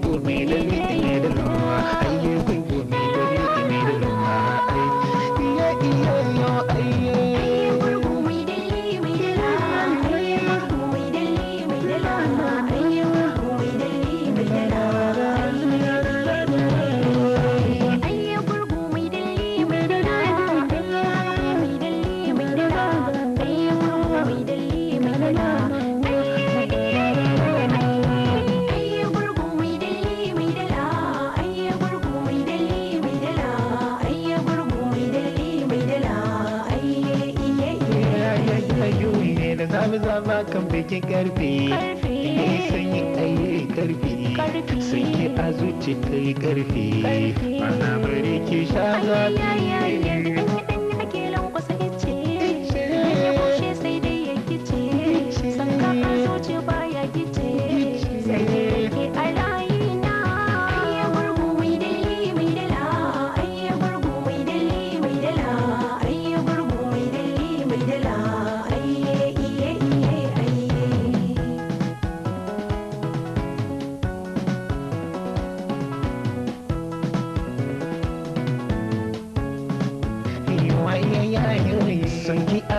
Google man. wani zama kan bikin karfe ne ya yi ayi karfe sun ki a zuci ta yi karfe ana bari ki sha zafi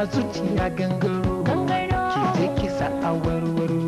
zuciya gangaro ki je kisa a warwaro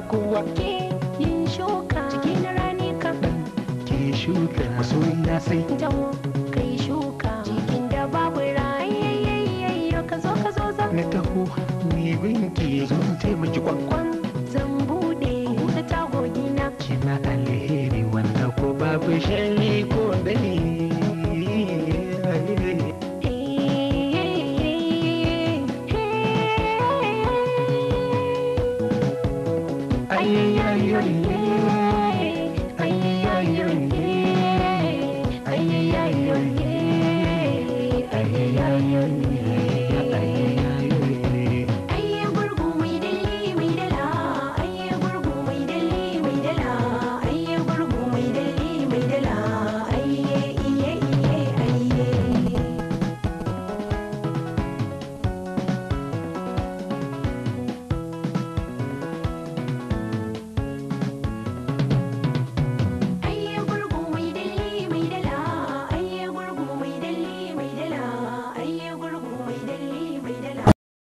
kowa ke yin shuka ciki na rani ka ke shuka masoyi na sai jawo kai shuka cikin da babu rayayayayya ka zo ka zo zan na taho ni binki zo taimaki kwakwan zan bude ta tagogi na kina alheri wanda ko babu shari yeah, yeah, yeah,